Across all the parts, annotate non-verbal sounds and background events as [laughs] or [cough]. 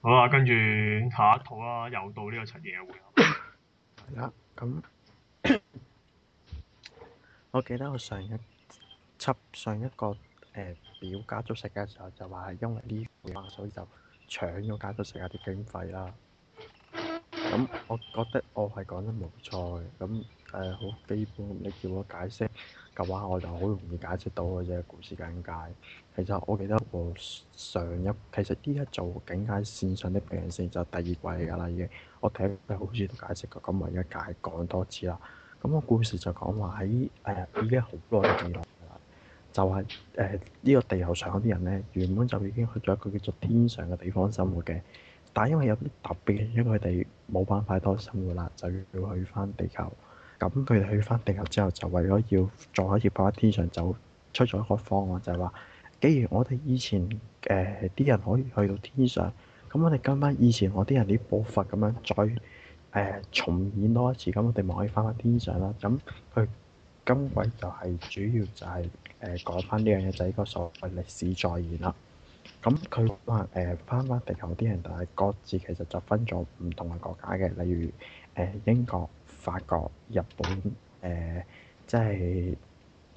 好啊，跟住下一套啦，又到呢個陳嘢嘅回合。係啦，咁、 [coughs] 嗯嗯、 [coughs] 我記得我上一輯上一個誒、呃、表家族食嘅時候，就話係因為呢回事，所以就搶咗家族食嘅啲經費啦。咁、嗯、我覺得我係講得冇錯嘅，咁誒好基本，你叫我解釋。嘅話，我就好容易解釋到嘅啫，故事梗概。其實我記得我上一其實呢一組境界線上的地平線就第二季嚟噶啦，已經我第佢好似都解釋過，咁我而家解講多次啦。咁、個故事就講話喺誒已經好耐嘅年代，就話誒呢個地球上有啲人咧，原本就已經去咗一個叫做天上嘅地方生活嘅，但係因為有啲特別，因為佢哋冇辦法多生活啦，就要去翻地球。咁佢哋去翻地球之後，就為咗要再一次翻翻天上，就出咗一個方案，就係、是、話，既然我哋以前誒啲、呃、人可以去到天上，咁我哋跟翻以前我啲人啲步伐咁樣，再誒、呃、重演多一次，咁我哋咪可以翻翻天上啦。咁佢今季就係主要就係誒講翻呢樣嘢，就係、是、一個所謂歷史再現啦。咁佢話誒翻翻地球啲人，就係各自其實就分咗唔同嘅國家嘅，例如誒、呃、英國。法國、日本，誒、呃，即係誒，嗰、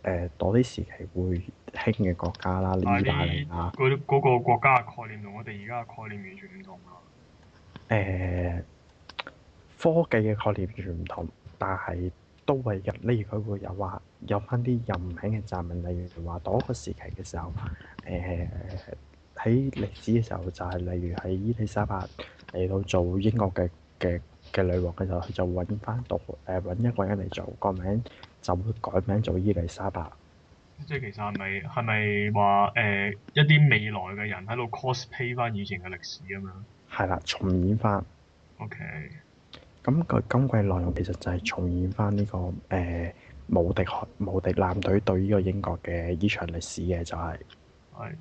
呃、啲時期會興嘅國家啦，意、啊、大利啊，嗰嗰個國家嘅概念同我哋而家嘅概念完全唔同啦。誒、呃，科技嘅概念完全唔同，但係都係例如佢會有話有翻啲有名嘅站。名，例如話嗰個時期嘅時候，誒喺歷史嘅時候就係、是、例如喺伊利沙伯嚟到做英國嘅嘅，嘅女王嘅時候，佢就揾翻到誒揾、呃、一個人嚟做個名就會改名做伊麗莎白。即係其實係咪係咪話誒一啲未來嘅人喺度 cosplay 翻以前嘅歷史啊嘛？係啦，重演翻。O K。咁佢今季內容其實就係重演翻呢個誒、呃、無敵、無敵艦隊對呢個英國嘅呢場歷史嘅就係、係。係 Right.。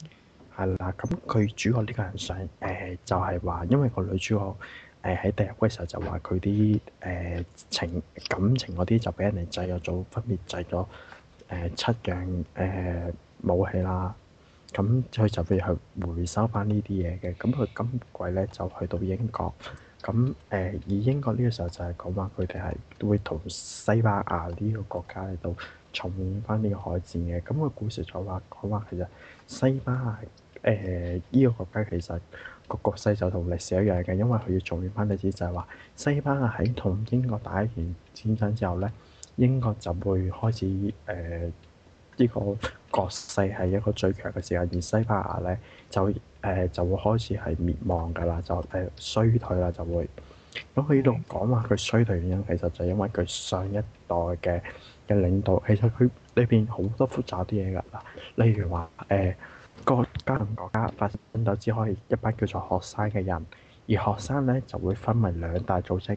係啦，咁佢主角呢個人想誒、呃、就係話，因為個女主角。誒喺第一季嘅時候就話佢啲誒情感情嗰啲就俾人哋製咗組，分別製咗誒七樣誒、呃、武器啦。咁佢就譬如回收翻呢啲嘢嘅，咁佢今季咧就去到英國。咁誒、呃、以英國呢個時候就係講話佢哋係會同西班牙呢個國家嚟到重演呢個海戰嘅。咁個故事就話講話其實西班牙。誒，依、呃這個國家其實個國勢就同歷史一樣嘅，因為佢要重現翻歷史就係話，西班牙喺同英國打完戰爭之後咧，英國就會開始誒，呢、呃這個國勢係一個最強嘅時候，而西班牙咧就誒、呃、就會開始係滅亡噶啦，就誒、呃、衰退啦，就會。咁佢呢度講話佢衰退原因，其實就係因為佢上一代嘅嘅領導，其實佢裏邊好多複雜啲嘢㗎啦，例如話誒。呃國家同國家發生到只可以一班叫做學生嘅人，而學生咧就會分為兩大組織，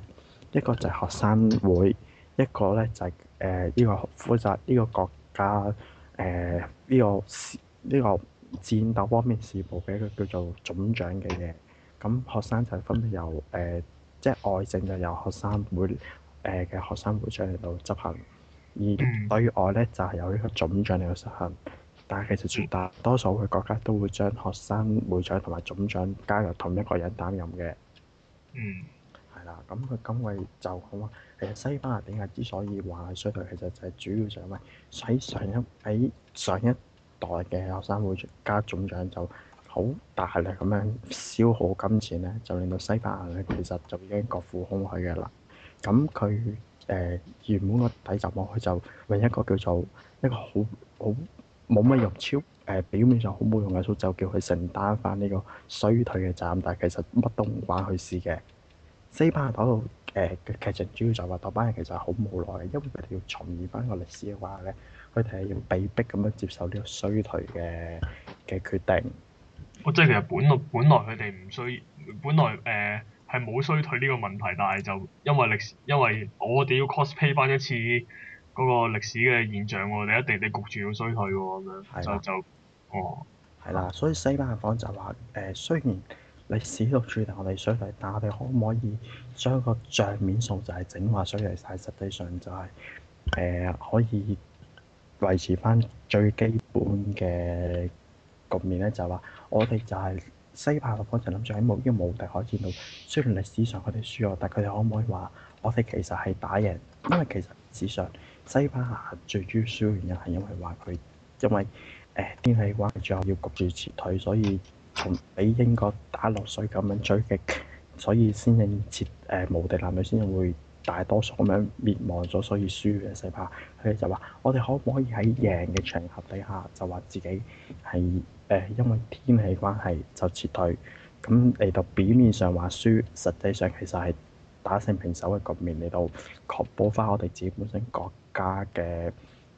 一個就係學生會，一個咧就係誒呢個負責呢個國家誒呢、呃這個呢、這個戰鬥方面事務嘅一個叫做總長嘅嘢。咁學生就係分別由誒即、呃就是、外政就由學生會誒嘅、呃、學生會長嚟到執行，而對外咧就係、是、由呢個總長嚟到執行。但係，其實絕大多數嘅國家都會將學生會長同埋總長加入同一個人擔任嘅。嗯，係啦。咁佢今季就講話，其實西班牙點解之所以話衰退，其實就係主要就係因為喺上一喺上一代嘅學生會長加總長就好大力咁樣消耗金錢咧，就令到西班牙咧其實就已經國庫空虛嘅啦。咁佢誒原本個集層，佢就另一個叫做一個好好。冇乜用超，誒、呃、表面上好冇用嘅，就叫佢承擔翻呢個衰退嘅責任，但係其實乜都唔關佢事嘅。西班牙嗰度誒嘅劇情主要就話，嗰班人其實係好無奈嘅，因為佢哋要重演翻個歷史嘅話咧，佢哋係要被逼咁樣接受呢個衰退嘅嘅決定。我、哦、即係其實本來本來佢哋唔需，本來誒係冇衰退呢個問題，但係就因為歷史，因為我哋要 cosplay 翻一次。嗰個歷史嘅現象喎，你一定你焗住要衰退喎，咁樣就就，哦，係啦，所以西班牙方就話誒，雖然歷史都註定我哋衰退，但係我哋可唔可以將個帳面數就係整話衰退曬？實際上就係誒可以維持返最基本嘅局面咧，就係話我哋就係西班牙方就諗住喺無依無敵海戰度，雖然歷史上佢哋輸喎，但佢哋可唔可以話、就是呃、我哋其實係打贏？因為其實史上西班牙最主要輸嘅原因係因為話佢因為誒、呃、天氣關係，最後要焗住撤退，所以同俾英國打落水咁樣追擊，所以先至撤誒無敵艦隊先至會大多數咁樣滅亡咗，所以輸嘅西班牙。佢哋就話我哋可唔可以喺贏嘅場合底下就話自己係誒、呃、因為天氣關係就撤退，咁嚟到表面上話輸，實際上其實係打成平手嘅局面嚟到確保翻我哋自己本身國家。家嘅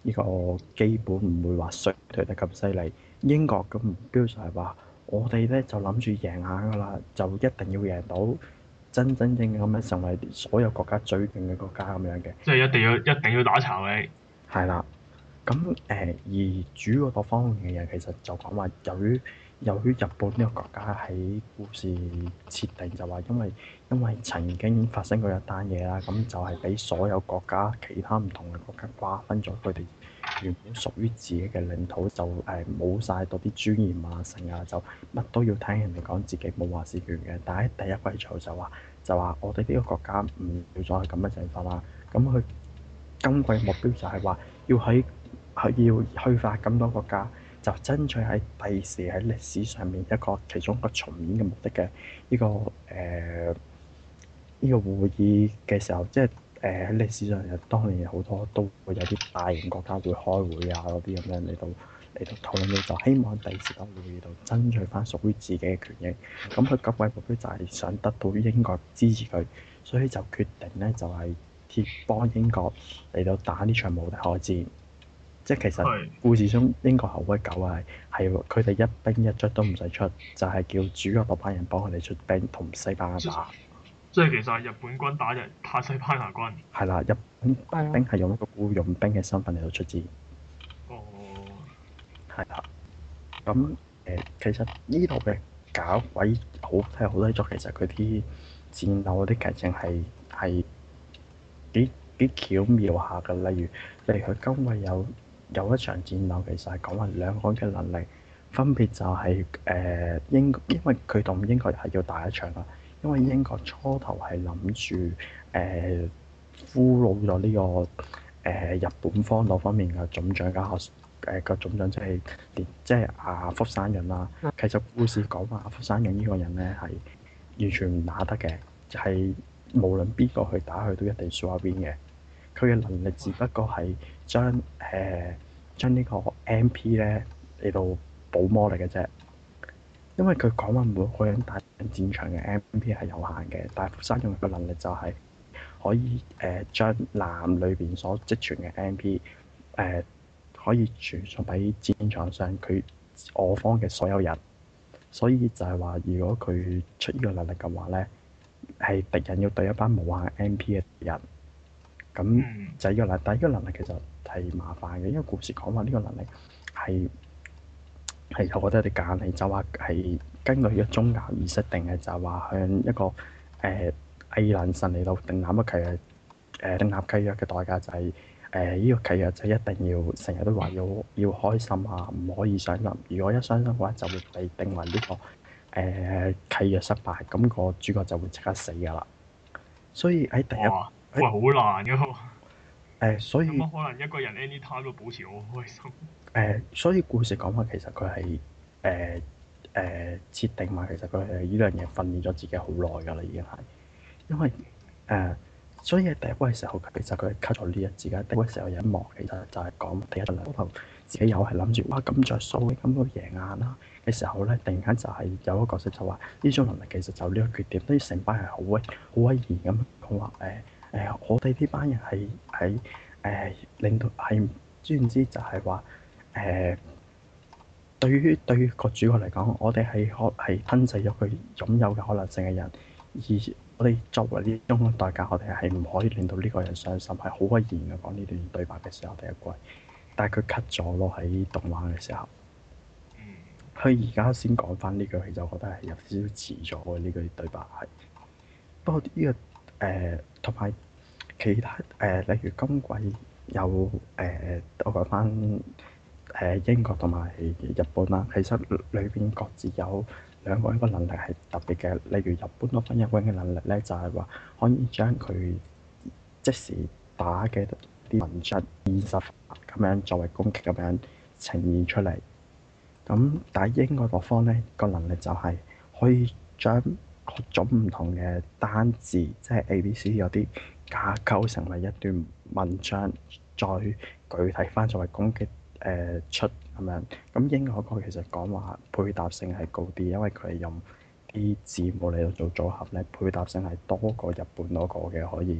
呢個基本唔會話衰跌得咁犀利。英國嘅目標就係話，我哋咧就諗住贏下㗎喇，就一定要贏到真真正正咁樣成為所有國家最勁嘅國家咁樣嘅。即係一定要一定要打巢你。係啦，咁誒而主要個方面嘅嘢，其實就講話由於。由於日本呢個國家喺故事設定就話，因為因為曾經，經發生過一單嘢啦，咁就係畀所有國家其他唔同嘅國家瓜分咗佢哋原本屬於自己嘅領土，就誒冇晒多啲尊嚴啊，成啊，就乜都要聽人哋講，自己冇話事權嘅。但係第一季就就話就話我哋呢個國家唔要再咁嘅情況啦。咁佢今季目標就係話要喺要，要去發咁多國家。就爭取喺第時喺歷史上面一個其中一個重演嘅目的嘅呢、這個誒呢、呃這個會議嘅時候，即係誒喺歷史上，當然好多都會有啲大型國家會開會啊嗰啲咁樣嚟到嚟到討論，就希望第時喺會議度爭取翻屬於自己嘅權益。咁佢嘅目標就係想得到英國支持佢，所以就決定呢就係鐵幫英國嚟到打呢場武力海戰。即係其實故事中英國後威狗係係佢哋一兵一卒都唔使出，就係、是、叫主角嗰班人幫佢哋出兵同西班牙打。即係其實係日本軍打日打西班牙軍。係啦，日本兵係用一個僱傭兵嘅身份嚟到出戰。哦。係啦。咁誒、呃，其實呢度嘅搞鬼好睇好低俗，其實佢啲戰鬥嗰啲劇情係係幾幾巧妙下嘅。例如，例如佢今日有。有一場戰鬥，其實係講話兩方嘅能力分別就係、是、誒、呃、英國，因為佢同英國係要打一場啦。因為英國初頭係諗住誒俘虜咗呢、這個誒、呃、日本方嗰方面嘅總長加學誒個、呃、總長、就是，即係即係阿福山人啦。其實故事講話阿福山人呢個人咧係完全唔打得嘅，係、就是、無論邊個去打佢都一定輸下邊嘅。佢嘅能力只不過係將誒。呃將呢個 M.P. 咧嚟到補魔力嘅啫，因為佢講話每個人打戰場嘅 M.P. 係有限嘅，但係負三用嘅能力就係可以誒、呃、將艦裏邊所積存嘅 M.P. 誒、呃、可以傳送俾戰場上佢我方嘅所有人，所以就係話如果佢出呢個能力嘅話咧，係敵人要對一班無限 M.P. 嘅人，咁就係呢個能力，但係呢個能力其實。係麻煩嘅，因為故事講話呢、這個能力係係我覺得有啲假，你就話、是、係根據一個宗教儀式定嘅，就話、是、向一個誒毅能神嚟到定立一契約誒、呃、定立契約嘅代價就係誒呢個契約就一定要成日都話要要開心啊，唔可以傷心。如果一傷心嘅話，就會被定為呢、這個誒、呃、契約失敗，咁個主角就會即刻死噶啦。所以喺第一哇、欸，好難嘅、啊。誒，uh, 所以冇可能一個人 anytime 都保持好開心。誒，uh, 所以故事講話其實佢係誒誒設定埋，其實佢係依樣嘢訓練咗自己好耐㗎啦，已經係。因為誒，uh, 所以第一波嘅時候其實佢係吸咗呢一之間，第一波嘅時候有一幕其實就係講第一兩鋪自己又係諗住哇咁著數嘅咁都贏硬啦嘅時候咧，突然間就係有一個角色就，就話呢種能力其實就呢個缺點，所以成班人好威好威嚴咁講話誒。就是呃、我哋呢班人係喺誒，令到係總之就係話誒，對於對個主角嚟講，我哋係可係吞噬咗佢擁有嘅可能性嘅人，而我哋作為呢種代價，我哋係唔可以令到呢個人傷心。係好威嚴嘅講呢段對白嘅時候第一季，但係佢 cut 咗咯喺動畫嘅時候，佢而家先講返呢句，其實我就覺得係有少少遲咗嘅呢句對白係，不過呢、呢個。誒同埋其他誒、呃，例如今季有誒、呃、我講翻誒英國同埋日本啦，其實裏邊各自有兩個一個能力係特別嘅，例如日本個方入泳嘅能力咧，就係、是、話可以將佢即時打嘅啲文字、現實化咁樣作為攻擊咁樣呈現出嚟。咁但係英國嗰方咧、那個能力就係可以將。各種唔同嘅單字，即係 A、B、C，有啲架構成為一段文章，再具體翻作為攻擊誒、呃、出咁樣。咁英嗰個其實講話配搭性係高啲，因為佢係用啲字母嚟到做組合咧，配搭性係多過日本嗰個嘅可以，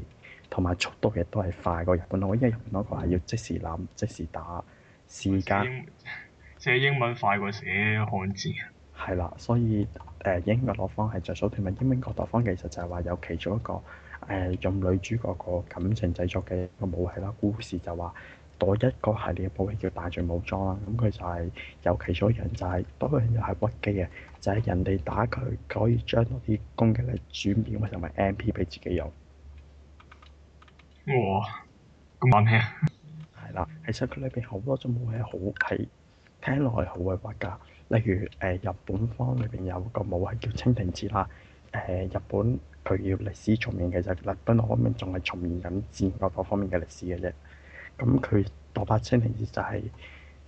同埋速度亦都係快過日本我、嗰個，因為日本嗰個係要即時諗即時打時間寫。寫英文快過寫漢字。係啦，所以。誒英國攞方係在所奪物，英英國攞方其實就係話有其中一個誒、呃、用女主角個感情製作嘅一個武器啦。故事就話攞一個系列嘅武器叫大罪武裝啦。咁佢就係有其中一個人就係、是、多人又係屈機嘅，就係、是、人哋打佢可以將多啲攻擊力轉變為成為 MP 俾自己用。哇！咁好聽。係啦，喺佢裏邊好多種武器好，好係聽落係好委屈㗎。例如誒、呃、日本方裏邊有個武器叫蜻蜓節啦。誒、呃、日本佢要歷史重現，其實日本嗰方面仲係重現緊戰國各方面嘅歷史嘅啫。咁佢嗰把蜻蜓節就係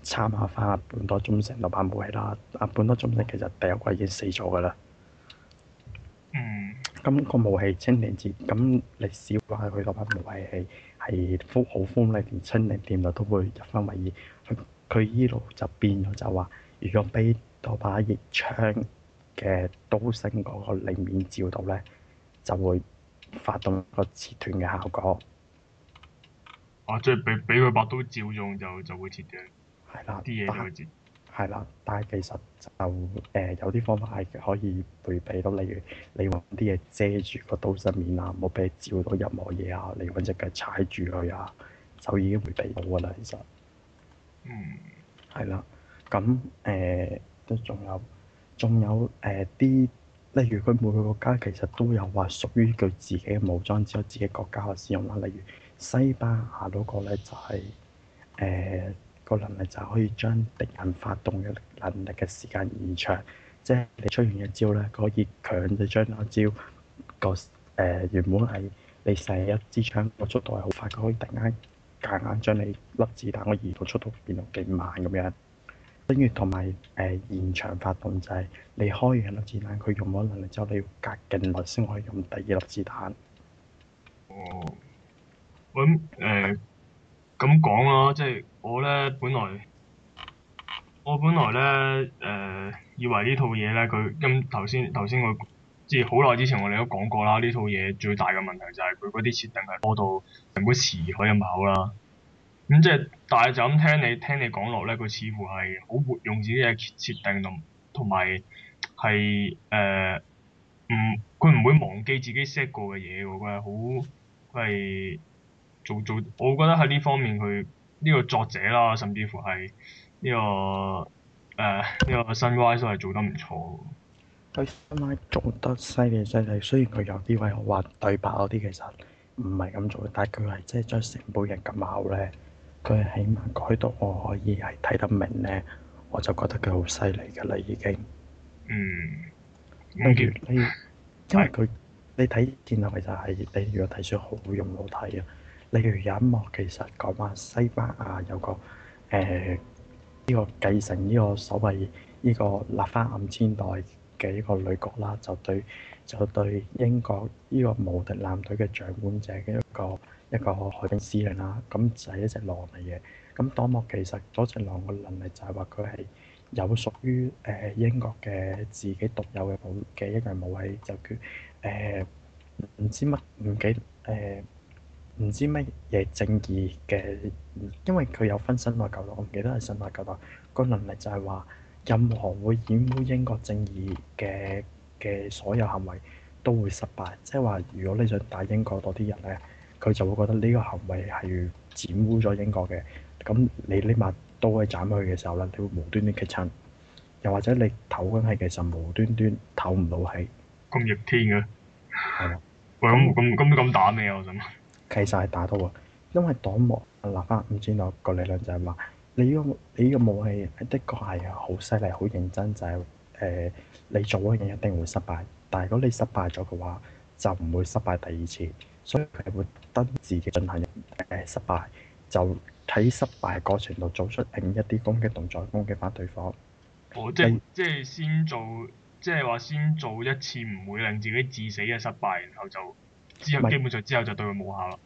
參考返本多忠勝嗰把武器啦。啊、嗯，本多忠勝其實第一季已經死咗噶啦。咁、那個武器蜻蜓節，咁歷史話佢嗰把武器係係鋒好鋒利，連蜻蜓點水都會一分為二。佢依度就變咗，就話。如果畀嗰把熱槍嘅刀身嗰個裏面照到咧，就會發動個切斷嘅效果。啊！即係俾俾佢把刀照用就，就就會切斷。係啦的，啲嘢俾佢切。係啦，但係其實就誒、呃、有啲方法係可以回避咯。例如你揾啲嘢遮住個刀身面啊，冇俾照到任何嘢啊，你揾隻腳踩住佢啊，就已經回避到噶啦。其實，嗯，係啦。咁誒都仲有，仲有誒啲，例如佢每個國家其實都有話屬於佢自己嘅武裝，只有自己國家嘅使用啦。例如西班牙嗰個咧就係誒，個能力就係可以將敵人發動嘅能力嘅時間延長，即係你出完一招咧，可以強制將一招、嗰個誒、呃、原本係你射一支槍個速度係好快，佢可以突然間夾硬將你粒子彈嘅移動速度變到幾慢咁樣。等於同埋誒，現場發動就係，就是，你開完一粒子彈，佢用咗能力之後，你要隔勁耐先可以用第二粒子彈。哦、呃，咁、呃、誒，咁講啦，即、就、係、是、我咧本來，我本來咧誒、呃，以為呢套嘢咧，佢咁頭先頭先我即係好耐之前我哋都講過啦，呢套嘢最大嘅問題就係佢嗰啲設定係多到成本辭海嘅矛啦。咁即係，但係就咁聽你聽你講落咧，佢似乎係好活用自己嘅設定同埋係誒，唔佢唔會忘記自己 set 過嘅嘢喎，佢係好係做做，我覺得喺呢方面佢呢、呢個作者啦，甚至乎係呢、呢個誒呢、呃呢個 Sunrise 都係做得唔錯。佢 Sunrise 做得犀利犀利，雖然佢有啲位話對白嗰啲其實唔係咁做，但係佢係即係將成部人咁咬咧。佢起碼改到我可以係睇得明咧，我就覺得佢好犀利㗎喇已經。嗯的，例如，你、嗯，因為佢你睇見到其實係，你如果睇書好用好睇啊。例如有一幕其實講話西班牙有個誒呢、呃呢個繼承呢個所謂呢個立翻暗千代嘅呢個女國啦，就對。就對英國呢個無敵艦隊嘅掌管者嘅一個一個海軍司令啦，咁就係一隻狼嚟嘅。咁多莫其實多隻狼嘅能力就係話佢係有屬於誒英國嘅自己獨有嘅武嘅一樣武器，就叫誒唔、呃、知乜唔記誒唔、呃、知咩嘢正義嘅，因為佢有分身外購咯，我唔記得係分身外購。那個能力就係話任何會掩污英國正義嘅。嘅所有行為都會失敗，即係話如果你想打英國嗰啲人咧，佢就會覺得呢個行為係要玷污咗英國嘅。咁你呢把刀去斬佢嘅時候咧，你會無端端劈親，又或者你唞緊氣其實無端端唞唔到氣。咁熱天嘅，係啊，咁咁咁打咩啊我諗？其實係打到啊，因為擋幕立嗱翻五千年個理論就係、是、話，你依、這個你依個武器的確係好犀利，好認真就係、是。誒，你做嘅嘢一定會失敗，但係如果你失敗咗嘅話，就唔會失敗第二次，所以佢係會等自己進行一誒失敗，就喺失敗過程度做出另一啲攻擊動作，攻擊翻對方。哦，即係即係先做，即係話先做一次唔會令自己致死嘅失敗，然後就之後是基本上之後就對佢冇效啦。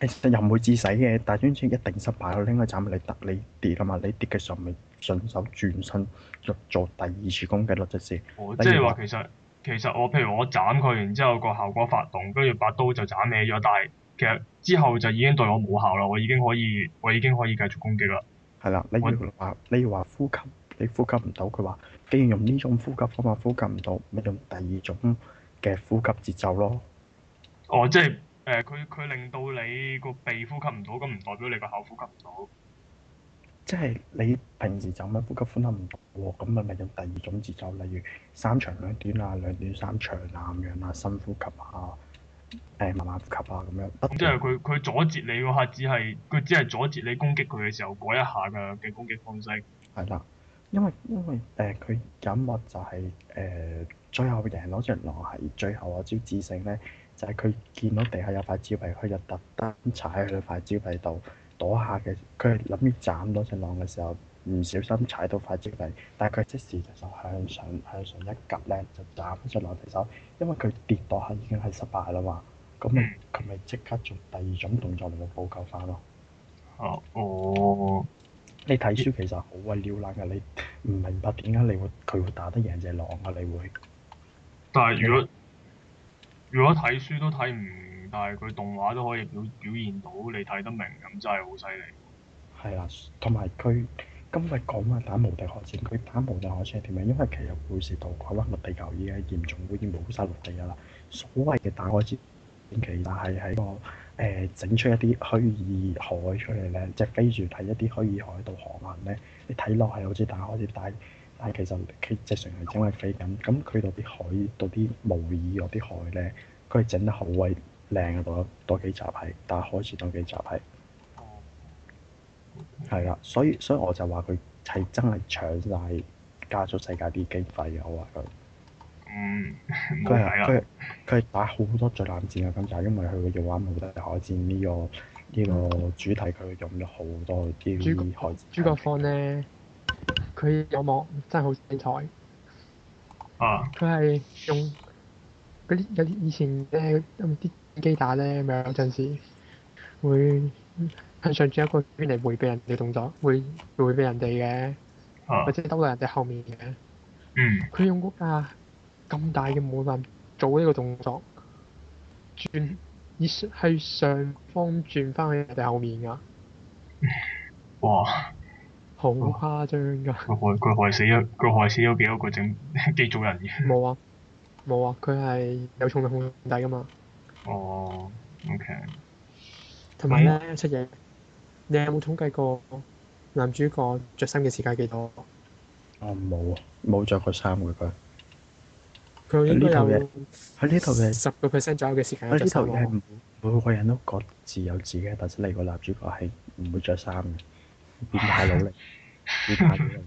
其實又唔會致死嘅，但係張一定失敗咯。應該斬你，突你跌啦嘛，你跌嘅時候咪順手轉身入做第二次攻擊咯，就、哦、是。即係話其實其實我譬如我斬佢，然之後個效果發動，跟住把刀就斬歪咗，但係其實之後就已經對我冇效啦。嗯、我已經可以，我已經可以繼續攻擊啦。係啦，我你話，你話呼吸，你呼吸唔到，佢話既然用呢種呼吸方法呼吸唔到，咪用第二種嘅呼吸節奏咯。哦，即係。誒佢佢令到你個鼻呼吸唔到，咁唔代表你個口呼吸唔到。即係你平時就咁呼吸呼吸唔到喎，咁咪咪用第二種節奏，例如三長兩短啊，兩短三長啊咁樣啊，深呼吸啊，誒、呃、慢慢呼吸啊咁樣。嗯、即係佢佢阻截你嗰下，只係佢只係阻截你攻擊佢嘅時候嗰一下嘅嘅攻擊方式。係啦，因為因為誒佢忍物就係、是、誒、呃、最後贏到隻狼係最後啊招致勝咧。但係佢見到地下有塊紙幣，佢就特登踩喺塊紙幣度躲下嘅。佢諗住斬到隻狼嘅時候，唔小心踩到塊紙幣。但係佢即時就向上向上一夾咧，就斬咗隻狼隻手。因為佢跌到下已經係失敗啦嘛。咁咪佢咪即刻做第二種動作嚟去補救翻咯。哦、啊，你睇書其實好為撩難嘅，你唔明白點解你會佢會打得贏隻狼啊？你會，但係如果。如果睇書都睇唔明，但係佢動畫都可以表表現到你睇得明，咁真係好犀利。係啦，同埋佢，今日講話打無敵海戰，佢打無敵海戰係點樣？因為其實會是導講翻個地球依家嚴重污染，冇晒陸地啊！所謂嘅打海戰，其實係喺個誒、呃、整出一啲虛擬海出嚟咧，即、就、係、是、飛住睇一啲虛擬海度航行咧，你睇落係好似打海戰，但係其實佢直情係整位飛緊。咁佢度啲海，度啲模擬落啲海咧。佢係整得好鬼靚啊！多多幾集係，但係開始多幾集係，係啦。所以所以我就話佢係真係搶曬加速世界啲經費啊！我話佢，嗯，佢係佢佢係打好多最冷戰啊！咁就因為佢嘅用玩冇得係海戰呢、呢個呢、呢個主題，佢用咗好多啲海戰，戰。主角方咧，佢有幕真係好精彩。啊！佢係用。啲有啲以前咧，啲機打咧，咪有陣時會向上轉一個圈嚟回避人哋動作，會回避人哋嘅，啊、或者兜到人哋後面嘅。嗯。佢用個架咁大嘅武力做呢個動作，轉以係上方轉翻去人哋後面㗎哇。哇！好誇張㗎。佢害佢害死咗，佢害死咗幾多個整地組人嘅？冇啊。冇啊，佢係有重力控制噶嘛。哦，OK。同埋咧，出嘢。你有冇統計過男主角著衫嘅時間幾多？我冇，冇著過衫嘅佢。佢應該有喺呢度嘅十個 percent 左右嘅時間。喺呢度嘅，每個人都各自有自己嘅特色，但係你個男主角係唔會著衫嘅，變態努力，變態努力。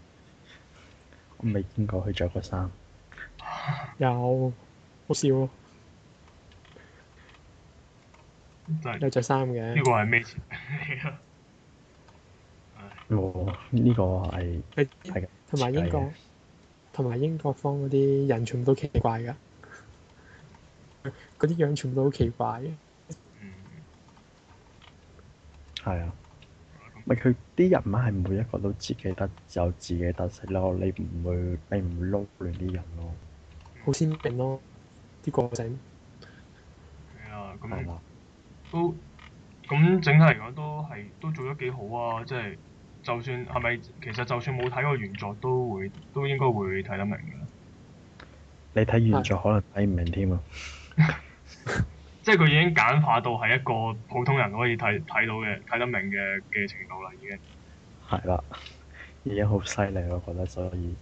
我未見過佢著過衫。有好笑，哦，咯，有着衫嘅呢個係咩？我呢個係係嘅，同埋英國同埋英國方嗰啲人全部都奇怪㗎，嗰 [laughs] 啲樣全部都好奇怪嘅。係、嗯、 [laughs] [laughs] 啊，咪佢啲人物係每一個都自己得有自己嘅特色咯。你唔會你唔會撈亂啲人咯。好鮮明咯，啲角色。係啊，咁樣、okay, 那了都咁整體嚟講都係都做得幾好啊！即、就、係、是、就算係咪其實就算冇睇過原作都會都應該會睇得明嘅。你睇原作可能睇唔明添啊！即係佢已經簡化到係一個普通人可以睇睇到嘅睇得明嘅嘅程度啦，已經。係啦，已經好犀利我覺得所以。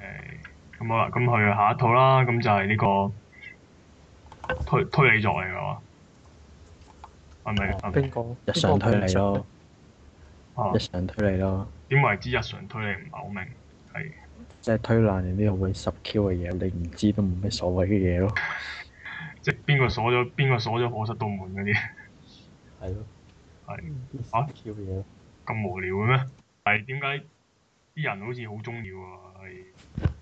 係。Okay. 咁好啦，咁去下一套啦，咁就係呢個推推理作嚟嘅喎，係咪、啊？邊個？誰是是日常推理咯，啊、日常推理咯。點為之日常推理唔係好明？係即係推爛啲好鬼十 Q 嘅嘢，你唔知都冇咩所謂嘅嘢咯。 [laughs] 即係邊個鎖咗邊個鎖咗我室度門嗰啲？係咯了，係啊，Q 嘅嘢咁無聊嘅咩？係點解啲人好似好中意啊？係。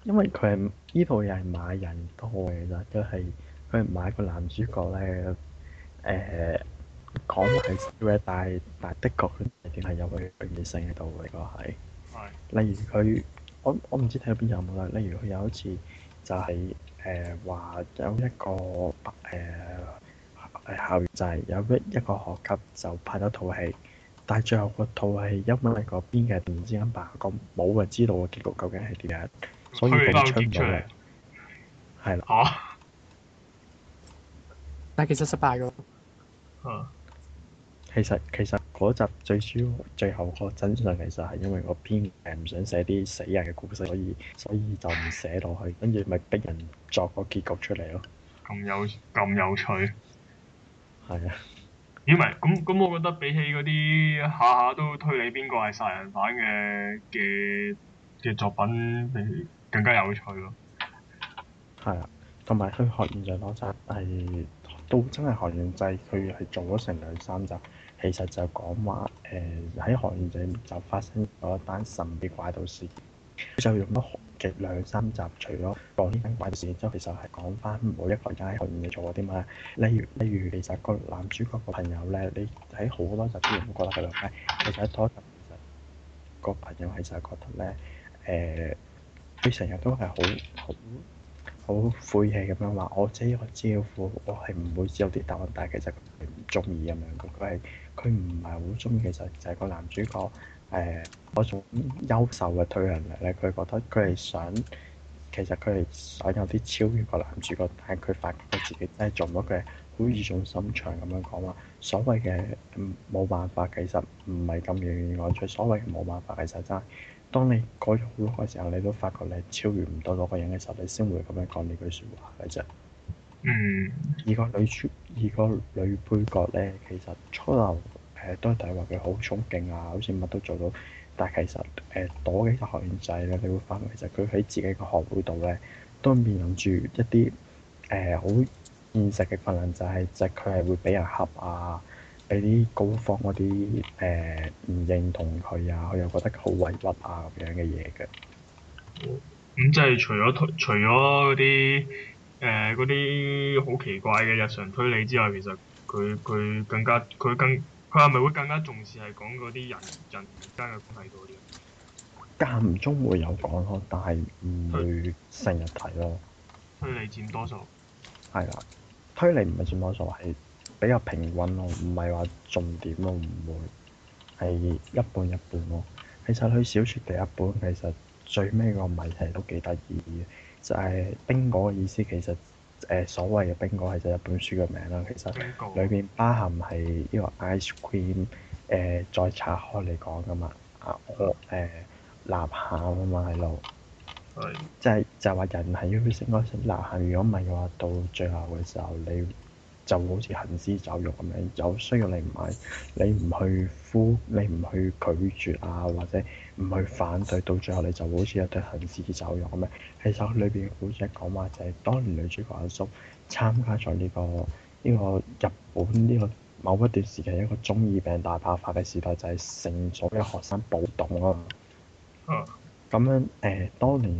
因為佢係呢套又係買人多嘅，其實都係佢買個男主角咧。誒講係虛但係但係的確佢一定係有佢嘅完整性喺度嚟個係。例如佢，我我唔知睇到邊有冇啦。例如佢有一次就係誒話有一個北，呃、校園就係、是、有一一個學級就拍咗套戲，但係最後個套戲一問你個邊嘅，唔知啱唔啱。咁冇人知道個結局究竟係點樣。所以俾人出咗，係啦了。但係、啊、其實失敗咯。其實其實嗰集最主要最後個真相，其實係因為我編誒唔想寫啲死人嘅故事，所以所以就唔寫落去，跟住咪逼人作個結局出嚟咯。咁有咁有趣？係啊了。因為咁咁，我覺得比起嗰啲下下都推理邊個係殺人犯嘅嘅嘅作品，更加有趣咯，係啊，同埋佢學園在攞集係都真係學園製，佢係做咗成兩三集，其實就講話誒喺學園製就發生咗一單神秘怪盜事，就用咗極兩三集，除咗講呢單怪盜事之後，其實係講翻每一個人喺學園嘅做嗰啲乜，例如例如其實個男主角個朋友咧，你喺好多集都唔覺得佢，唔、呃、係，其實嗰集其實個朋友係就係覺得咧誒。佢成日都係好好好晦氣咁樣話，我知我招呼我係唔會知有啲答案，但係其實佢唔中意咁樣。佢係佢唔係好中意，其實就係個男主角誒嗰、欸、種優秀嘅推人嚟咧。佢覺得佢係想，其實佢係想有啲超越個男主角，但係佢發覺自己真係做唔到，佢係好語重心長咁樣講話，所謂嘅冇辦法，其實唔係咁願意講出，最所謂冇辦法，其實真係。當你改咗好多嘅時候，你都發覺你超越唔到嗰個人嘅時候，你先會咁樣講呢句説話嘅啫。嗯。而個女主，而個女配角咧，其實初頭誒、呃、都係體現佢好衝勁啊，好似乜都做到。但其實誒、呃，躲幾集學園祭咧，你會發現其實佢喺自己嘅學會度咧，都面臨住一啲誒好現實嘅困難，就係、是、就係佢係會俾人恰啊。喺啲高方嗰啲誒唔認同佢啊，佢又覺得好委屈啊咁樣嘅嘢嘅。咁、嗯、即係除咗推除咗嗰啲誒啲好奇怪嘅日常推理之外，其實佢佢更加佢更佢係咪會更加重視係講嗰啲人人間嘅關係多啲？間唔中會有講咯，但係唔會成日睇咯。推理佔多數。係啦，推理唔係佔多數係。比較平穩咯，唔係話重點咯，唔會係一半一半咯。其實佢小說第一本其實最尾個問題都幾得意嘅，就係、是、冰果嘅意思其實誒、呃、所謂嘅冰果係就係一本書嘅名啦。其實裏邊包含係呢個 ice cream 誒再拆開嚟講㗎嘛，啊我誒納罕啊嘛喺度，即係是就是就是、人性性話人係要去識愛識納罕，如果唔係嘅話到最後嘅時候你。就好似行屍走肉咁樣，有需要你唔買，你唔去呼，你唔去拒絕啊，或者唔去反對，到最後你就好似一對行屍走肉咁樣。其實裏邊好似講話就係、是，當年女主角阿叔、叔參加咗呢、這個呢、這個日本呢個某一段時期一個中二病大爆發嘅時代，就係、是、成咗呢個學生暴動咯、啊。咁樣誒、呃，當年誒、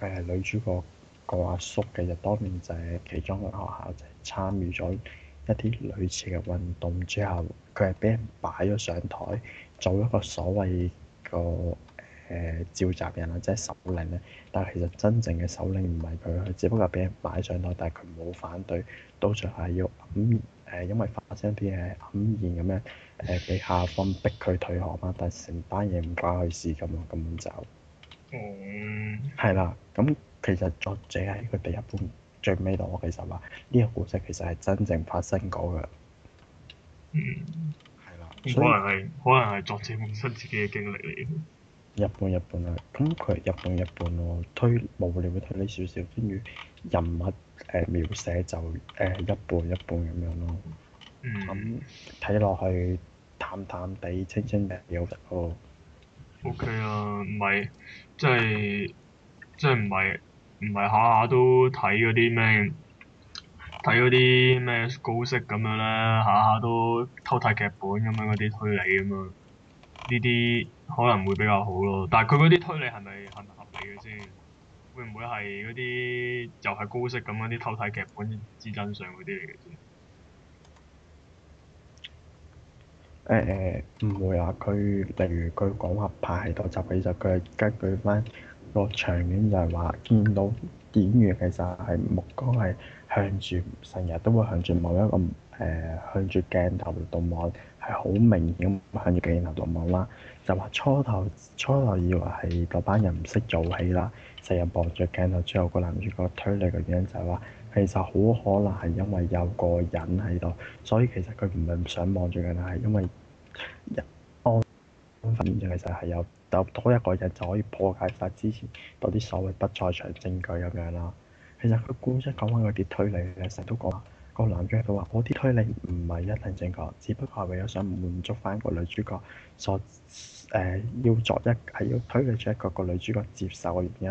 呃、女主角。個阿叔嘅就當年就係其中一個學校就參與咗一啲類似嘅運動之後，佢係俾人擺咗上台做一個所謂個誒召集人啊，即係首領咧。但係其實真正嘅首領唔係佢，佢只不過俾人擺上台，但係佢冇反對，都仲係要暗誒，因為發生啲嘢暗然咁樣誒，俾校方逼佢退學嘛。但係成班嘢唔關佢事咁啊，咁就。哦、嗯。係啦，咁。其實作者係佢哋一本最尾度。其實話呢個故事其實係真正發生過嘅。嗯，係啦可。可能係可能係作者本身自己嘅經歷嚟。嘅。一半一半啊，咁佢一半一半喎，推無聊嘅睇呢少少，跟住人物誒描、呃、寫就誒、呃、一半一半咁樣咯。嗯。咁睇落去淡淡地、清清嘅有得喎。O、okay、K 啊，唔係即係即係唔係。就是就是就是唔係下下都睇嗰啲咩，睇嗰啲咩高息咁樣啦，下下都偷睇劇本咁樣嗰啲推理咁樣，呢啲可能會比較好咯。但係佢嗰啲推理係咪係咪合理嘅先？會唔會係嗰啲又係高息咁樣啲偷睇劇本知真相嗰啲嚟嘅先？誒誒，唔會啊！佢例如佢講話拍幾多集幾集，其實佢係根據翻。個場面就係話見到演員其實係目光係向住，成日都會向住某一個誒、呃、向住鏡頭度望，係好明顯向住鏡頭度望啦。就話初頭初頭以為係嗰班人唔識做戲啦，成日望住鏡頭。最後個男主角推理嘅原因就係話，其實好可能係因為有個人喺度，所以其實佢唔係唔想望住鏡頭，係因為。其實係有有多一個日就可以破解曬之前嗰啲所謂不在場證據咁樣啦。其實佢姑姐講緊嗰啲推理嘅成日都講，個男主都話：我啲推理唔係一定正確，只不過係為咗想滿足翻個女主角所誒要作一係要推理出一個個女主角接受嘅原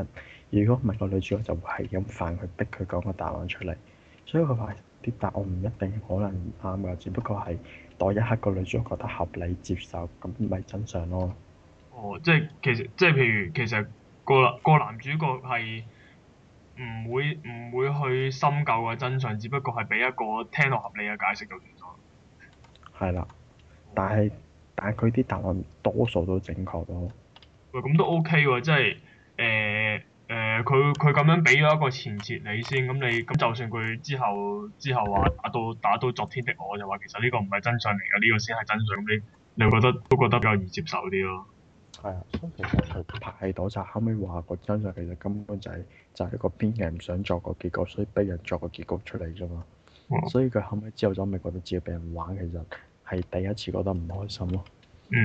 因。如果唔係，個女主角就會係咁犯佢逼佢講個答案出嚟。所以佢話啲答案唔一定可能啱㗎，只不過係。待一刻個女主角覺得合理接受，咁咪真相咯。哦，即係其實即係譬如，其實、個個男主角係唔會唔會去深究個真相，只不過係俾一個聽落合理嘅解釋就算咗。係啦。但係、哦、但係佢啲答案多數都正確咯。喂，咁都 OK 喎，即係誒。呃誒，佢佢咁樣畀咗一個前設你先，咁你咁就算佢之後之後話打到打到昨天的我，我就話其實呢個唔係真相嚟嘅，呢個先係真相，你覺得都覺得比較易接受啲咯。係啊，所以拍戲嗰就後尾話個真相其實根本就係、是、就係一個邊人唔想作個結局，所以逼人作個結局出嚟啫嘛。哇所以佢後尾之後就咪覺得自己俾人玩，其實係第一次覺得唔開心咯、啊。嗯，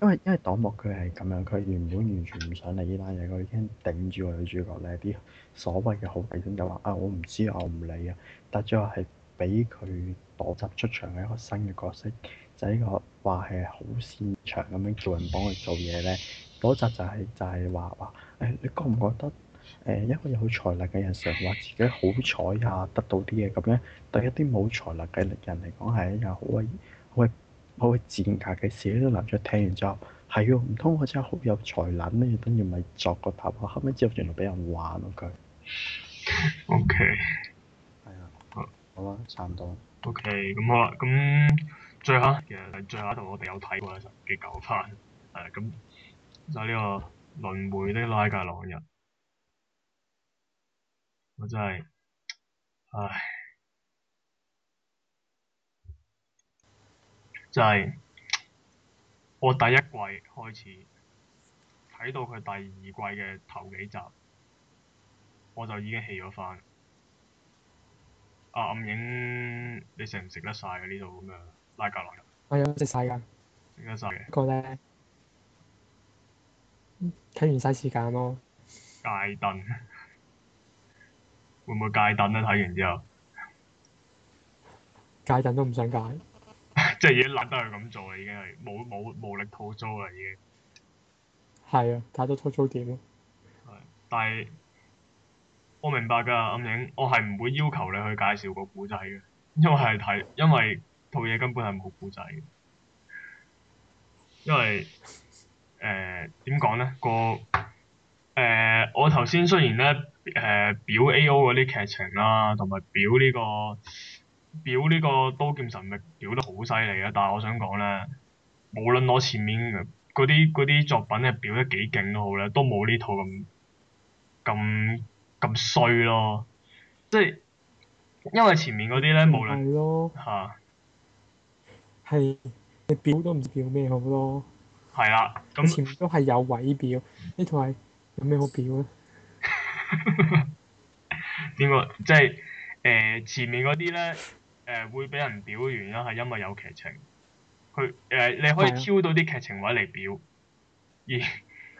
因為因為黨幕佢係咁樣，佢原本完全唔想理呢單嘢，佢已經頂住個女主角呢啲所謂嘅好意，先就話啊，我唔知，我唔理啊。但最後係俾佢朵集出場嘅一個新嘅角色，就呢、是這個話係好擅長咁樣叫人幫佢做嘢呢。朵、那個、集就係、是、就係話話誒，你覺唔覺得誒一個有才能嘅人，成日話自己好彩啊，得到啲嘢咁咧，樣對一啲冇才能嘅人嚟講係一件好威好我會剪格嘅事都啲男仔聽完之後，係喎，唔通我真係好有才能咩？跟住咪作個頭喎。後尾之後，原來俾人玩佢。O K。係啊 Okay.。好，差 okay，好啦，唔多 O K，咁好啦，咁最後，其實最後一度我哋有睇過一候，嘅舊番，誒咁就呢個《輪迴的拉格朗日》，我真係，唉。就係我第一季開始睇到佢第二季嘅頭幾集，我就已經棄咗翻。啊暗影，你食唔食得晒？啊？呢度咁樣拉格納。我有食晒㗎。食得晒。嘅。個咧睇完晒時間咯。戒頓凳 [laughs] 會唔會戒頓咧？睇完之後戒頓都唔想戒。即係已經懶得去咁做啦，已經係冇冇無力吐槽啦，已經。係啊，搞咗吐槽點？係，但係我明白㗎，暗影，我係唔會要求你去介紹個古仔嘅，因為係睇，因為套嘢根本係冇古仔嘅，因為誒點講咧，個誒、呃、我頭先雖然咧誒、呃、表 A.O. 嗰啲劇情啦，同埋表呢、這個。表呢、這個刀劍神力，表得好犀利啊！但係我想講咧，無論我前面嗰啲啲作品係表得幾勁都好咧，都冇呢套咁咁咁衰咯，即係因為前面嗰啲咧，無論嚇係的、啊、表都唔知表咩好咯，係啦，咁前面都係有位表，呢套係有咩好表咧？點講？ [laughs] 即係誒、呃、前面嗰啲咧。誒、呃，會俾人表完啦，係因為有劇情，佢誒、呃，你可以挑到啲劇情位嚟表，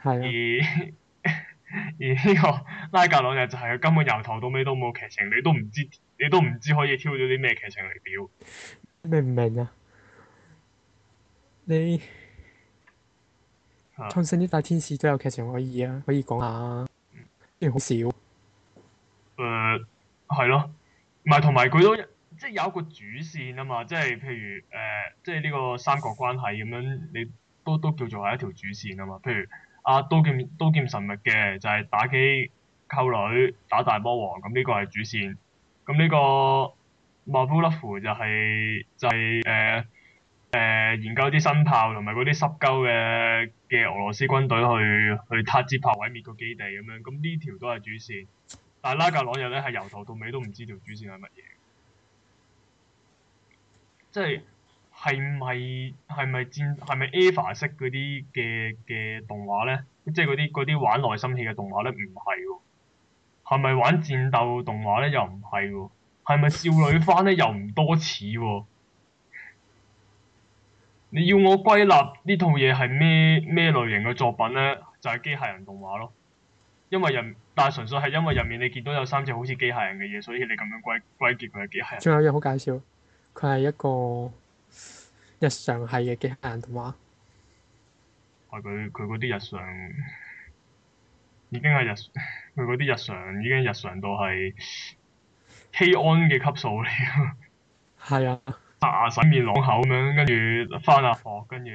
而、啊、而而呢個拉格朗日就係佢根本由頭到尾都冇劇情，你都唔知，你都唔知可以挑到啲咩劇情嚟表，明唔明啊？你創聖、啊、的大天使都有劇情可以啊，可以講下因為、呃、啊，啲好少，誒，係咯，唔係同埋佢都。即係有一個主線啊嘛，即係譬如誒、呃，即係呢個三角關係咁樣，你都都叫做係一條主線啊嘛。譬如阿刀、啊、劍刀劍神域嘅就係、是、打機、溝女、打大魔王咁，呢個係主線。咁呢、這個馬夫勒夫就係、是、就係誒誒研究啲新炮同埋嗰啲濕鳩嘅嘅俄羅斯軍隊去去塔接炮毀滅個基地咁樣，咁呢條都係主線。但係拉格朗日咧係由頭到尾都唔知條主線係乜嘢。即係係咪係咪戰係咪 Eva 式嗰啲嘅嘅動畫呢？即係嗰啲啲玩內心戲嘅動畫呢？唔係喎。係咪玩戰鬥動畫呢？又唔係喎。係咪少女番呢？又唔多似喎。你要我歸納呢套嘢係咩咩類型嘅作品呢？就係機械人動畫咯。因為人，但係純粹係因為入面你見到有三隻好似機械人嘅嘢，所以你咁樣歸歸結佢係機械人。仲有嘢好介紹。佢係一個日常系嘅機械人動畫。係，佢佢嗰啲日常已經係日，佢嗰啲日常已經日常到係 K-On 嘅級數嚟。係啊，刷牙洗面啷口咁樣，跟住返下課，跟住。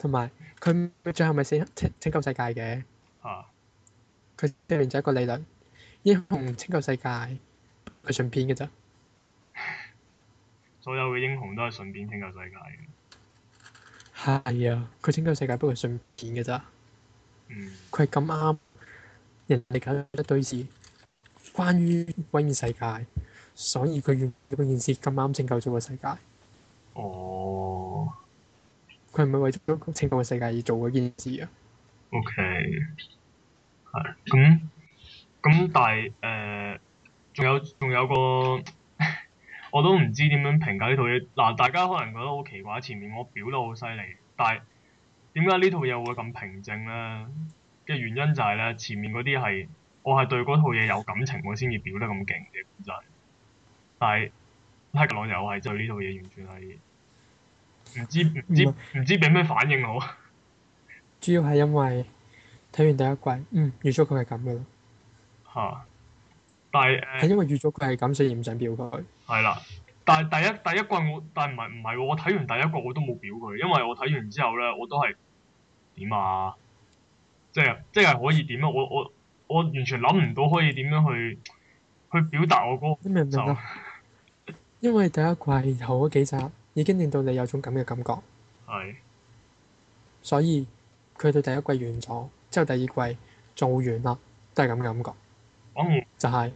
同埋佢最後咪寫拯救世界嘅。啊！佢製造一個理論，英雄拯救世界，佢順便嘅咋。所有嘅英雄都係順便拯救世界嘅。係啊，佢拯救世界不過係順便嘅咋。嗯。佢係咁啱，人哋搞一堆事，關於毀滅世界，所以佢用咗件事咁啱拯救咗個世界。哦。佢唔係為咗拯救個世界而做嗰件事啊。OK。係。咁，咁但係誒，仲有仲有個。我都唔知點樣評價呢套嘢嗱，大家可能覺得好奇怪，前面我表得好犀利，但係點解呢套嘢會咁平靜呢？嘅原因就係呢，前面嗰啲係我係對嗰套嘢有感情，我先至表得咁勁嘅，真係。但係黑格朗又係就呢套嘢完全係唔知唔知唔是知俾咩反應我。主要係因為睇完第一季，嗯，預咗佢係咁嘅啦。吓！但係係因為預咗佢係咁，所以唔想表佢。係啦，但係第一第一季我但係唔係唔係我睇完第一季我都冇表佢，因為我睇完之後咧，我都係點啊，即係即係可以點啊？我我我完全諗唔到可以點樣去去表達我個，你明唔明啊？ [laughs] 因為第一季後嗰幾集已經令到你有種咁嘅感覺，係，所以佢對第一季完咗之後，第二季做完啦，都係咁嘅感覺。嗯，就係。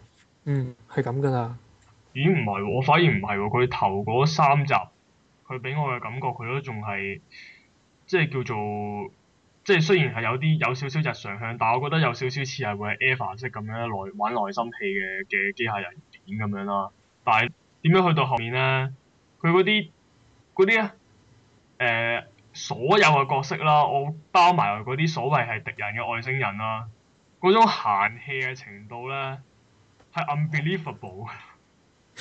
嗯，係咁噶啦。咦？唔係、哦、我反而唔係喎，佢頭嗰三集，佢俾我嘅感覺，佢都仲係即係叫做即係雖然係有啲有少少日常向，但係我覺得有少少似係會係、e《Eva》式咁樣內玩內心戲嘅嘅機械人片咁樣啦。但係點樣去到後面咧，佢嗰啲嗰啲咧，誒、呃，所有嘅角色啦，我包埋嗰啲所謂係敵人嘅外星人啦，嗰種閒氣嘅程度咧。係 is unbelievable，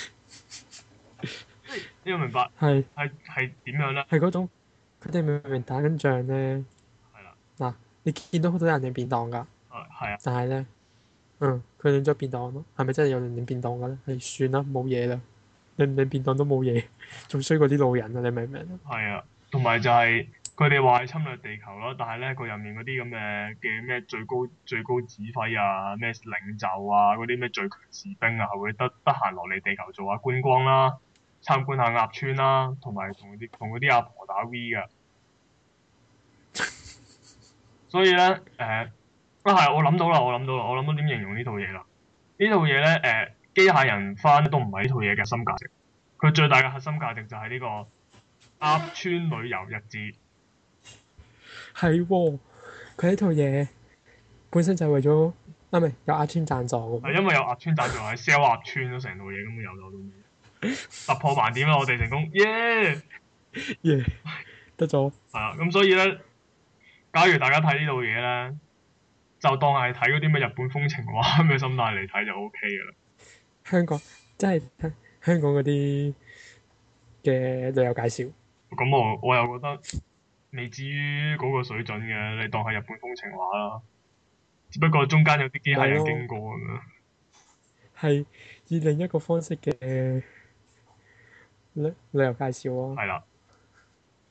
[laughs] [laughs] 你要明白係係係點樣咧？係嗰種，佢哋明明打緊仗咧，係啦的。嗱、啊，你見到好多人哋便當噶，係啊、嗯。但係咧，嗯，佢哋咗便當咯，係咪真係有人哋便當噶咧？係算啦，冇嘢啦，亂變便當都冇嘢，仲衰過啲老人啊！你明唔明啊？係啊，同埋就係、是。佢哋話係侵略地球咯，但係咧，佢入面嗰啲咁嘅嘅咩最高最高指揮啊，咩領袖啊，嗰啲咩最強士兵啊，係會得得閒落嚟地球做下、啊、觀光啦、啊，參觀下鴨村啦、啊，同埋同嗰啲同啲阿婆打 V 噶。 [laughs] 所以咧，誒、呃，啊係，我諗到啦，我諗到啦，我諗到點形容套套呢套嘢啦。呢套嘢咧，誒，機械人翻都唔係呢套嘢嘅核心價值。佢最大嘅核心價值就係呢個鴨村旅遊日誌。係喎，佢呢套嘢本身就為咗啊，唔、嗯、有阿川贊助 [laughs] 因為有阿川贊助，係 sell 鴨川咗成套嘢咁又做到，突破盲點啦，我哋成功，耶、yeah! yeah,！耶！ [laughs] 得咗。係啊，咁所以咧，假如大家睇呢套嘢咧，就當係睇嗰啲咩日本風情啊咩心態嚟睇就 OK 嘅啦。香港真係香港嗰啲嘅旅遊介紹。咁我我又覺得。未至於嗰個水準嘅，你當係日本風情畫啦。只不過中間有啲機械人經過咁樣。係、哦、以另一個方式嘅旅旅遊介紹喎、啊。係啦，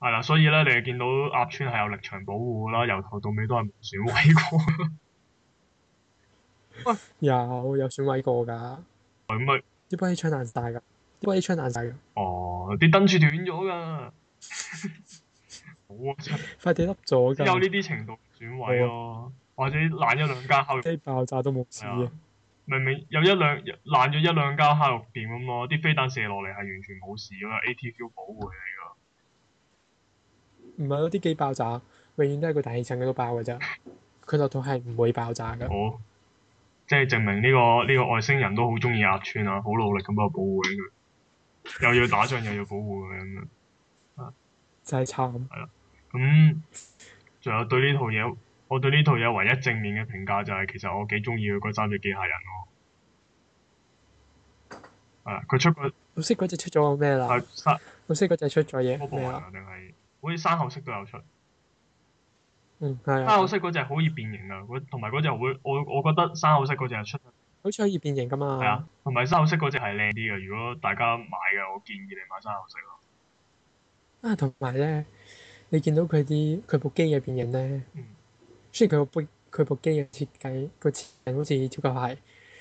係啦，所以咧，你見到鴨川係有力場保護啦，由頭到尾都係唔損毀過 [laughs] 有。有有損毀過㗎。係咪啲玻璃窗爛大㗎？一玻璃窗爛大㗎。哦，啲燈柱斷咗㗎。 [laughs] 快啲笠咗！有呢啲程度損毀咯，或者爛一兩間烤肉店爆炸都冇事啊！明明有一兩爛咗一兩間烤肉店咁咯，啲飛彈射落嚟係完全冇事噶，ATQ 保護嚟噶。唔係咯，啲幾爆炸，永遠都係個大氣層都爆噶啫。佢就都係唔會爆炸噶。好，即係證明呢個呢個外星人都好中意壓穿啊，好努力咁樣保護佢，又要打仗又要保護咁樣啊，真係慘。係啊。咁，仲、嗯、有對呢套嘢，我對呢套嘢唯一正面嘅評價就係其實我幾中意佢嗰三隻機械人咯。係啊，佢、啊、出個綠色嗰隻出咗個咩啦？係綠色嗰隻出咗嘢咩啊？定係麼好似山口色都有出。嗯，係。山口色嗰隻好易變形啊！同埋嗰隻會，我我覺得山口色嗰隻出，好似可以變形噶嘛。係啊，同埋山口色嗰隻係靚啲嘅，如果大家買嘅，我建議你買山口色咯。啊，同埋咧～你見到佢啲佢部機嘅變形咧？嗯、雖然佢部佢部機嘅設計個設計好似超級快，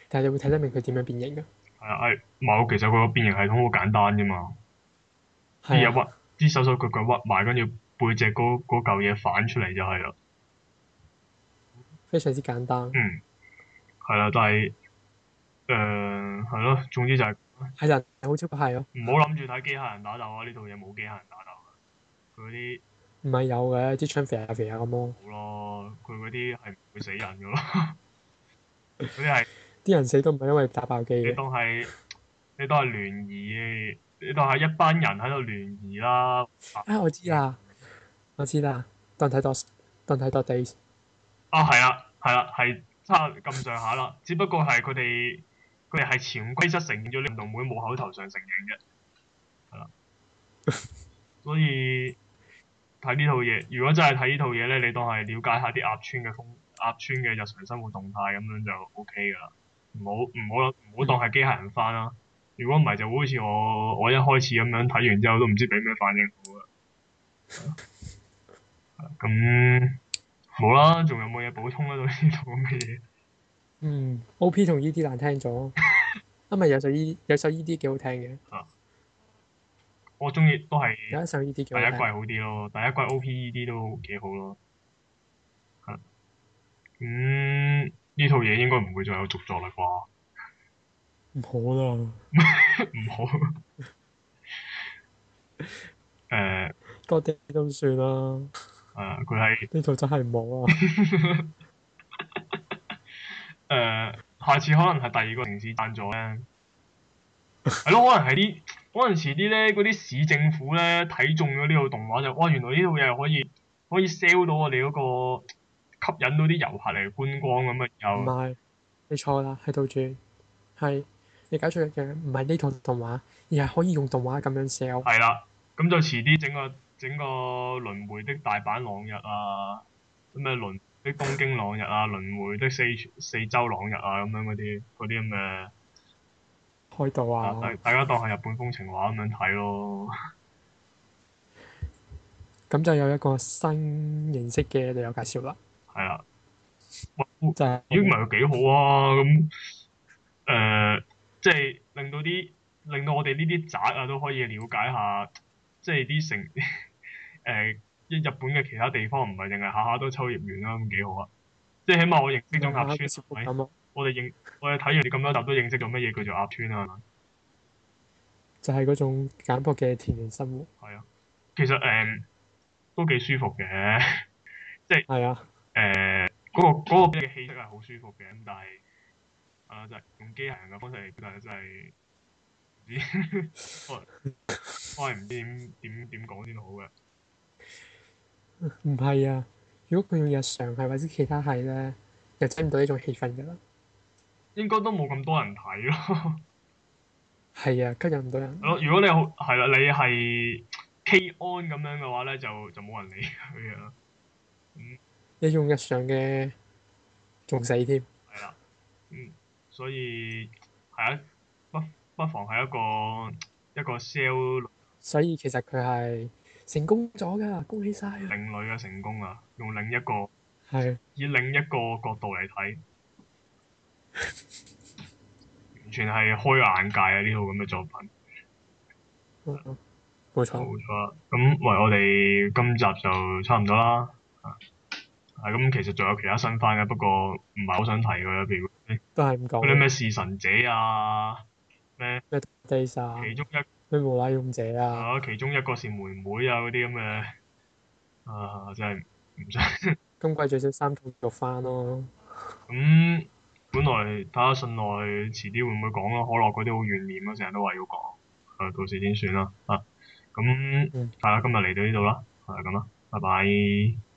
但係你會睇得明佢點樣變形㗎。係啊，係冇。其實佢個變形系統好簡單啫嘛。係啊，屈，啲手手腳腳屈埋，跟住背脊嗰嚿嘢反出嚟就係啦。非常之簡單。嗯，係啦，但係誒係咯，總之就係、是、係啊，好超級快咯！唔好諗住睇機械人打鬥啊！呢度有冇機械人打鬥佢啲。唔係有嘅，啲槍飛下飛下咁咯。好咯，佢嗰啲係唔會死人噶咯，嗰啲係。啲 [laughs] 人死都唔係因為打爆機嘅。你當係，你當係聯誼，你當係一班人喺度聯誼啦。啊，我知啦，我知啦。當睇多，當睇多地。啊，係啦，係啦，係差咁上下啦。只不過係佢哋，佢哋係潛規則承認咗呢個隊伍冇口頭上承認嘅，係啦， [laughs] 所以。睇呢套嘢，如果真係睇呢套嘢咧，你當係了解下啲鴨村嘅風，鴨村嘅日常生活動態咁樣就 O K 噶啦。唔好唔好唔好當係機械人翻啦，啊。如果唔係，就好似我我一開始咁樣睇完之後都唔知俾咩反應好 [laughs] 啊。咁好啦，仲有冇嘢補充啊？對於做咩嘢？嗯，O P 同 E D 難聽咗，因咪有首 E 有首 E D 幾好聽嘅。我中意都係第一季好啲咯，第一季 OPED 都幾好咯。係、嗯，呢套嘢應該唔會再有續作啦啩？唔好啦，唔 [laughs] 好了。誒， [laughs] 多啲都算啦。誒，佢係呢套真係唔好啊。誒， [laughs] 下次可能係第二個城市辦咗咧。係咯，可能喺啲。可能遲啲咧，嗰啲市政府咧睇中咗呢套動畫就，哇！原來呢套嘢可以可以 sell 到我哋嗰個吸引到啲遊客嚟觀光咁啊又。唔係，你錯啦，喺度住。係你搞出嘅，唔係呢套動畫，而係可以用動畫咁樣 sell。係啦，咁就遲啲整個整個《個輪迴的大阪朗日》啊，咁咩《輪迴的東京朗日》啊，《輪迴的四四週朗日》啊，咁樣嗰啲啲咁嘅。開到啊！大家當係日本風情畫咁樣睇咯。咁就有一個新形式嘅旅遊介紹啦。係啊，咦，唔係幾好啊！咁誒，即、呃、係、就是、令到啲令到我哋呢啲宅啊都可以了解下，即係啲成，誒一、呃、日本嘅其他地方唔係淨係下下都秋葉原啦，咁幾好啊！即係起碼我認識咗。亞我哋認，我哋睇完你咁多集都認識咗乜嘢叫做鴨村啊？係嘛？就係嗰種簡樸嘅田園生活。係啊，其實誒、呃、都幾舒服嘅，即係誒嗰個嗰、嗰個嘅氣息係好舒服嘅。但係啊、呃，就係、係、用機械人嘅方式嚟表達，就係我我係唔知點點點講先好嘅。唔係啊，如果佢用日常係或者其他係咧，又整唔到呢種氣氛㗎啦。應該都冇咁多人睇咯，係啊，吸引唔到人。咯，如果你好係啦，你係 K on 咁樣嘅話咧，就就冇人理佢啊。嗯，你用日常嘅，仲死添。係啦。嗯，所以係啊，不不妨係一個一個 sale。所以其實佢係成功咗㗎，恭喜曬。另類嘅成功啊，用另一個，係，以另一個角度嚟睇。完全係開眼界啊！呢套咁嘅作品，冇錯冇錯。咁為我哋今集就差唔多啦。係咁，其實仲有其他新番嘅，不過唔係好想睇嘅。譬如、欸、都嗰啲咩《侍神者》啊，咩《啊、其中一個》《無賴勇者》啊，其中一個是妹妹啊，嗰啲咁嘅啊，真係唔使。今季最少三套續翻咯。咁、嗯。本來睇下信內遲啲會唔會講咯，可樂嗰啲好懸念咯，成日都話要講，誒到時先算啦，啊，咁、啊嗯嗯、大家今日嚟到呢度啦，係咁啦，拜拜。